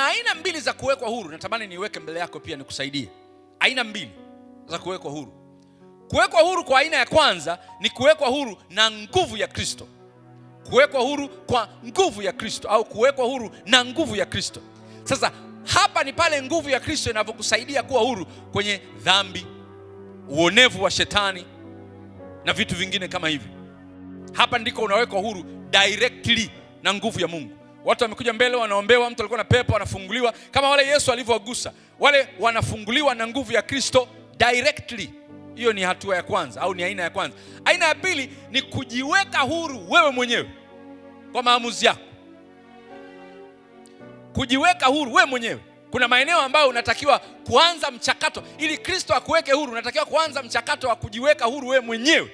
Kuna aina mbili za kuwekwa huru, natamani niweke mbele yako pia nikusaidie. Aina mbili za kuwekwa huru. Kuwekwa huru kwa aina ya kwanza ni kuwekwa huru na nguvu ya Kristo, kuwekwa huru kwa nguvu ya Kristo au kuwekwa huru na nguvu ya Kristo. Sasa hapa ni pale nguvu ya Kristo inavyokusaidia kuwa huru kwenye dhambi, uonevu wa shetani na vitu vingine kama hivi. Hapa ndiko unawekwa huru directly na nguvu ya Mungu. Watu wamekuja mbele, wanaombewa, mtu alikuwa na pepo anafunguliwa, kama wale Yesu alivyowagusa wale. Wanafunguliwa na nguvu ya Kristo directly. Hiyo ni hatua ya kwanza, au ni aina ya kwanza. Aina ya pili ni kujiweka huru wewe mwenyewe kwa maamuzi yako, kujiweka huru wewe mwenyewe. Kuna maeneo ambayo unatakiwa kuanza mchakato ili Kristo akuweke huru. Unatakiwa kuanza mchakato wa kujiweka huru wewe mwenyewe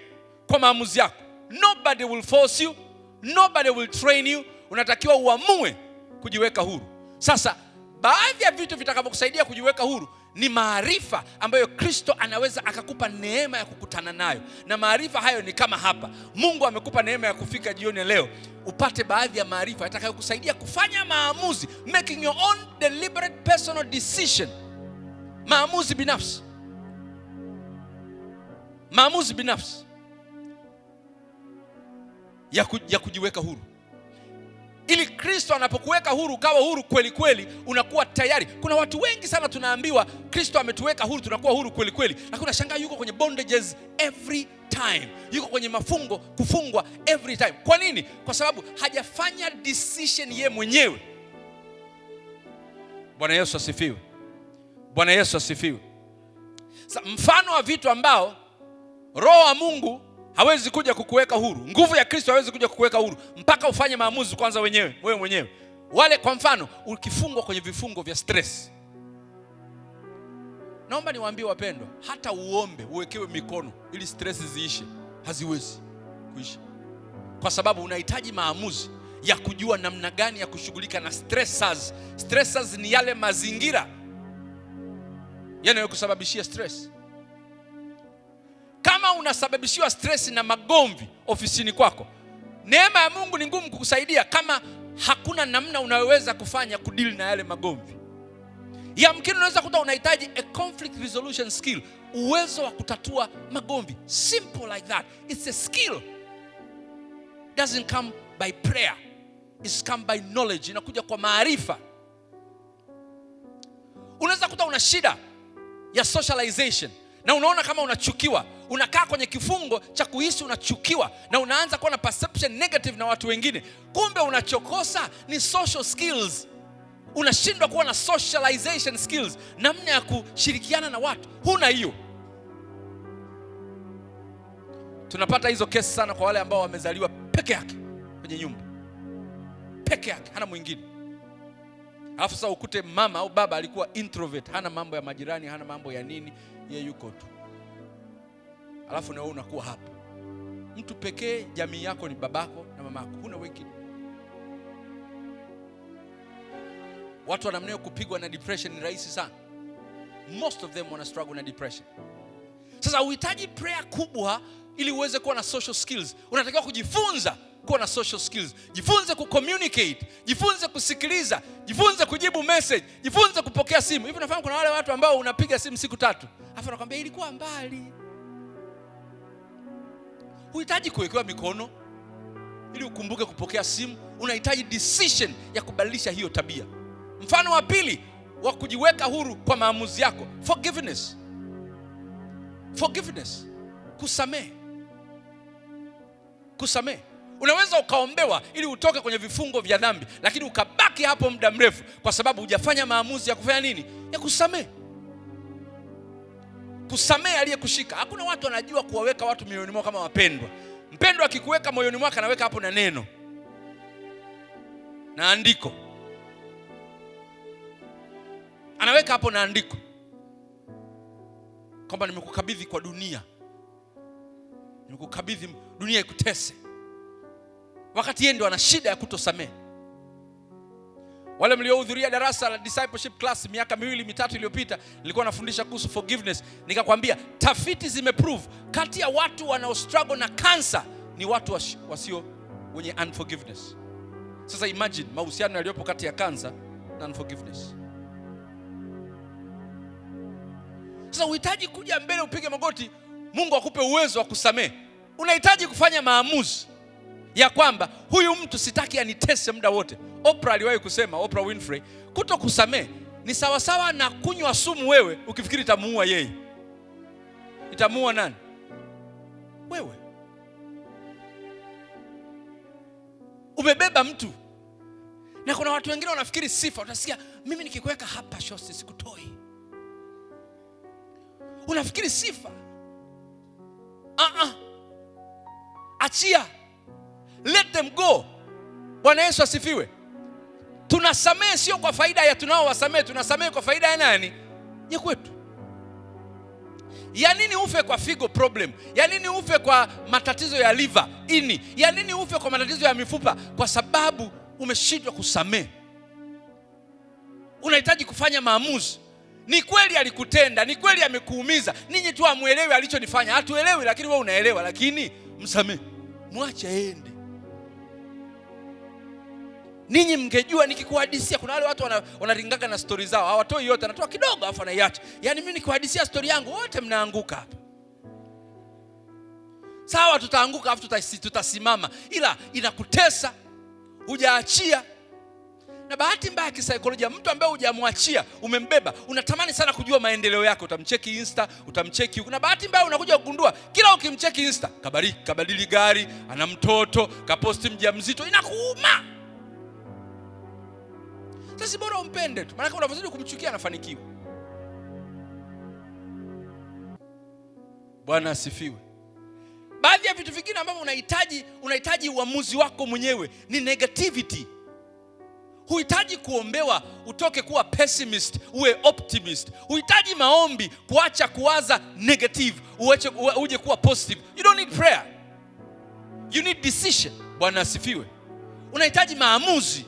kwa maamuzi yako. Nobody will force you, nobody will train you unatakiwa uamue kujiweka huru. Sasa baadhi ya vitu vitakavyokusaidia kujiweka huru ni maarifa ambayo Kristo anaweza akakupa neema ya kukutana nayo, na maarifa hayo ni kama hapa. Mungu amekupa neema ya kufika jioni leo upate baadhi ya maarifa yatakayokusaidia kufanya maamuzi, making your own deliberate personal decision, maamuzi binafsi, maamuzi binafsi ya kujiweka huru ili Kristo anapokuweka huru ukawa huru kweli kweli, unakuwa tayari. Kuna watu wengi sana tunaambiwa Kristo ametuweka huru, tunakuwa huru kweli kweli, lakini unashangaa yuko kwenye bondages every time, yuko kwenye mafungo, kufungwa every time. Kwa nini? Kwa sababu hajafanya decision ye mwenyewe. Bwana Yesu asifiwe! Bwana Yesu asifiwe! Mfano wa vitu ambao Roho wa Mungu hawezi kuja kukuweka huru. Nguvu ya Kristo hawezi kuja kukuweka huru mpaka ufanye maamuzi kwanza wenyewe, wewe mwenyewe. Wale kwa mfano, ukifungwa kwenye vifungo vya stress, naomba niwaambie wapendwa, hata uombe uwekewe mikono ili stress ziishe, haziwezi kuisha, kwa sababu unahitaji maamuzi ya kujua namna gani ya kushughulika na stressors. Stressors ni yale mazingira yanayokusababishia stress kama unasababishiwa stress na magomvi ofisini kwako, neema ya Mungu ni ngumu kukusaidia kama hakuna namna unayoweza kufanya kudili na yale magomvi. Yamkini unaweza kuta unahitaji a conflict resolution skill, uwezo wa kutatua magomvi. Simple like that, it's a skill, doesn't come by prayer, it's come by knowledge, inakuja kwa maarifa. Unaweza kuta una shida ya socialization na unaona kama unachukiwa unakaa kwenye kifungo cha kuhisi unachukiwa na unaanza kuwa na perception negative na watu wengine. Kumbe unachokosa ni social skills. Unashindwa kuwa na socialization skills, namna ya kushirikiana na watu, huna hiyo. Tunapata hizo kesi sana kwa wale ambao wamezaliwa peke yake kwenye nyumba, peke yake, hana mwingine. Alafu sasa ukute mama au baba alikuwa introvert, hana mambo ya majirani, hana mambo ya nini, ye yuko tu alafu na wewe unakuwa hapo. Mtu pekee jamii yako ni babako na mamako, huna wengine. Watu wanamna kupigwa na depression ni rahisi sana, most of them wana struggle na depression. Sasa uhitaji prayer kubwa ili uweze kuwa na social skills. Unatakiwa kujifunza kuwa na social skills, jifunze ku communicate, jifunze kusikiliza, jifunze kujibu message, jifunze kupokea simu. Hivi unafahamu kuna wale watu ambao unapiga simu siku tatu, afu anakwambia ilikuwa mbali Huhitaji kuwekewa mikono ili ukumbuke kupokea simu. Unahitaji decision ya kubadilisha hiyo tabia. Mfano wa pili wa kujiweka huru kwa maamuzi yako, forgiveness. Forgiveness, kusamehe, kusamehe. Unaweza ukaombewa ili utoke kwenye vifungo vya dhambi, lakini ukabaki hapo muda mrefu, kwa sababu hujafanya maamuzi ya kufanya nini? Ya kusamehe kusamehe aliyekushika. Hakuna watu wanajua kuwaweka watu mioyoni mwao kama wapendwa. Mpendwa akikuweka moyoni mwako anaweka hapo na neno na andiko, anaweka hapo na andiko kwamba nimekukabidhi kwa dunia, nimekukabidhi dunia ikutese, wakati yeye ndio ana shida ya kutosamehe. Wale mliohudhuria darasa la discipleship class miaka miwili mitatu iliyopita, nilikuwa nafundisha kuhusu forgiveness, nikakwambia tafiti zimeprove kati ya watu wanao struggle na kansa ni watu wasio wenye unforgiveness. Sasa imagine mahusiano yaliyopo kati ya kansa na unforgiveness. Sasa uhitaji kuja mbele upige magoti, Mungu akupe uwezo wa kusamehe, unahitaji kufanya maamuzi ya kwamba huyu mtu sitaki anitese muda wote. Oprah aliwahi kusema, Oprah Winfrey, kuto kusamehe ni sawasawa na kunywa sumu wewe ukifikiri itamuua yeye. Itamuua nani? Wewe umebeba mtu, na kuna watu wengine wanafikiri sifa. Utasikia mimi nikikuweka hapa shosi sikutoi, unafikiri sifa. Ah, ah, achia let them go. Bwana Yesu asifiwe. Tunasamehe sio kwa faida ya tunaowasamehe, tunasamehe kwa faida ya nani? Ya kwetu. Ya nini ufe kwa figo problem? Ya nini ufe kwa matatizo ya liver, ini? Ya nini ufe kwa matatizo ya mifupa? Kwa sababu umeshindwa kusamehe. Unahitaji kufanya maamuzi. Ni kweli alikutenda, ni kweli amekuumiza. Ninyi tu amuelewi alichonifanya, hatuelewi, lakini wewe unaelewa. Lakini msamehe, mwache aende. Ninyi mngejua nikikuhadisia, kuna wale watu wanaringaga wana na stori zao, hawatoi yote, anatoa kidogo alafu anaiacha. Yaani mimi nikuhadisia stori yangu, wote mnaanguka hapa. Sawa, tutaanguka afu tutasimama, ila inakutesa, hujaachia. Na bahati mbaya kisaikolojia, mtu ambaye hujamwachia umembeba, unatamani sana kujua maendeleo yake. Utamcheki Insta, utamcheki huko, na bahati mbaya unakuja kugundua kila ukimcheki Insta kabariki, kabadili gari, ana mtoto, kaposti mjamzito, inakuuma sasa bora umpende tu, maanake unavyozidi kumchukia anafanikiwa. Bwana asifiwe. Baadhi ya vitu vingine ambavyo unahitaji unahitaji uamuzi wako mwenyewe ni negativity. Huhitaji kuombewa utoke kuwa pessimist uwe optimist. Huhitaji maombi kuacha kuwaza negative uweche, uache uje kuwa positive. You don't need prayer, you need decision. Bwana asifiwe. Unahitaji maamuzi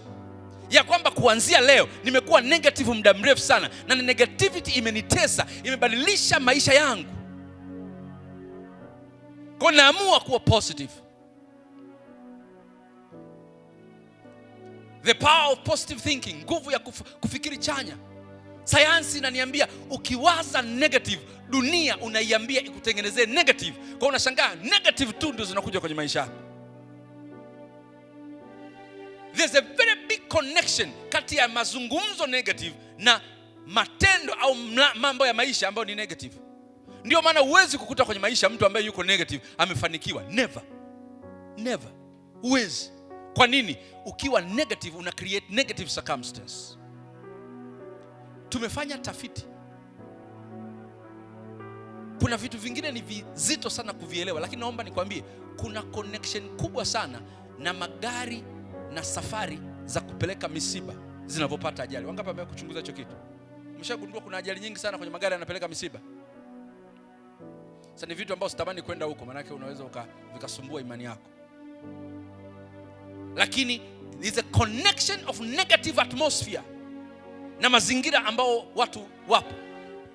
ya kwamba kuanzia leo nimekuwa negative muda mrefu sana, na negativity imenitesa, imebadilisha maisha yangu, kwa naamua kuwa positive. The power of positive thinking, nguvu ya kuf, kufikiri chanya. Sayansi inaniambia ukiwaza negative, dunia unaiambia ikutengenezee negative. Kwa unashangaa negative tu ndio zinakuja kwenye maisha yako. There's a connection kati ya mazungumzo negative na matendo au mambo ya maisha ambayo ni negative. Ndio maana huwezi kukuta kwenye maisha mtu ambaye yuko negative amefanikiwa, never never, huwezi. Kwa nini? Ukiwa negative una create negative circumstance. Tumefanya tafiti, kuna vitu vingine ni vizito sana kuvielewa, lakini naomba nikwambie kuna connection kubwa sana na magari na safari za kupeleka misiba zinavyopata ajali. Wangapi ambao kuchunguza hicho kitu? mshagundua kuna ajali nyingi sana kwenye magari yanapeleka misiba. Sasa ni vitu ambavyo sitamani kwenda huko, maanake unaweza vikasumbua imani yako, lakini is a connection of negative atmosphere na mazingira ambao watu wapo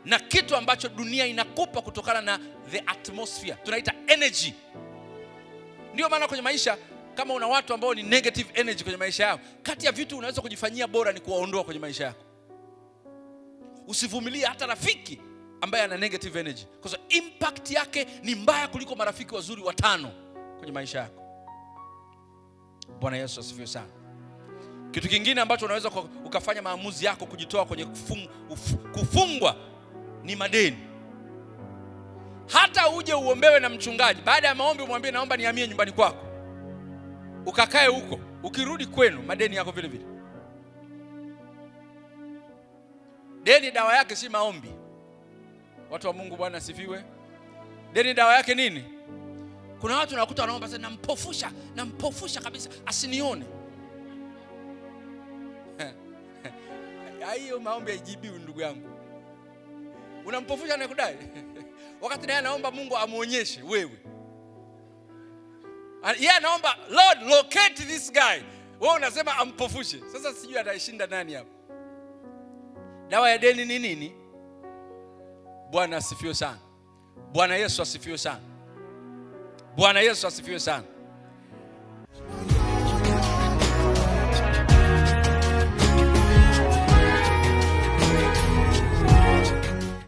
na kitu ambacho dunia inakupa kutokana na the atmosphere, tunaita energy. ndio maana kwenye maisha kama una watu ambao ni negative energy kwenye maisha yako, kati ya vitu unaweza kujifanyia bora ni kuwaondoa kwenye maisha yako. Usivumilie hata rafiki ambaye ana negative energy, kwa sababu impact yake ni mbaya kuliko marafiki wazuri watano kwenye maisha yako. Bwana Yesu asifiwe sana. Kitu kingine ambacho unaweza ukafanya maamuzi yako kujitoa kwenye kufung, uf, kufungwa ni madeni. Hata uje uombewe na mchungaji, baada ya maombi umwambie naomba nihamie nyumbani kwako ukakae huko, ukirudi kwenu madeni yako vile vile. Deni dawa yake si maombi. Watu wa Mungu, Bwana asifiwe. Deni dawa yake nini? Kuna watu nakuta wanaomba sasa, nampofusha nampofusha kabisa asinione. Hiyo maombi haijibiwi ndugu yangu, unampofusha anakudai wakati naye anaomba Mungu amwonyeshe wewe yeye ah, yeah, anaomba Lord locate this guy, wewe unasema ampofushe. Sasa sijui ataishinda nani hapo. Dawa ya deni ni nini? Bwana asifiwe sana. Bwana Yesu asifiwe sana. Bwana Yesu asifiwe sana.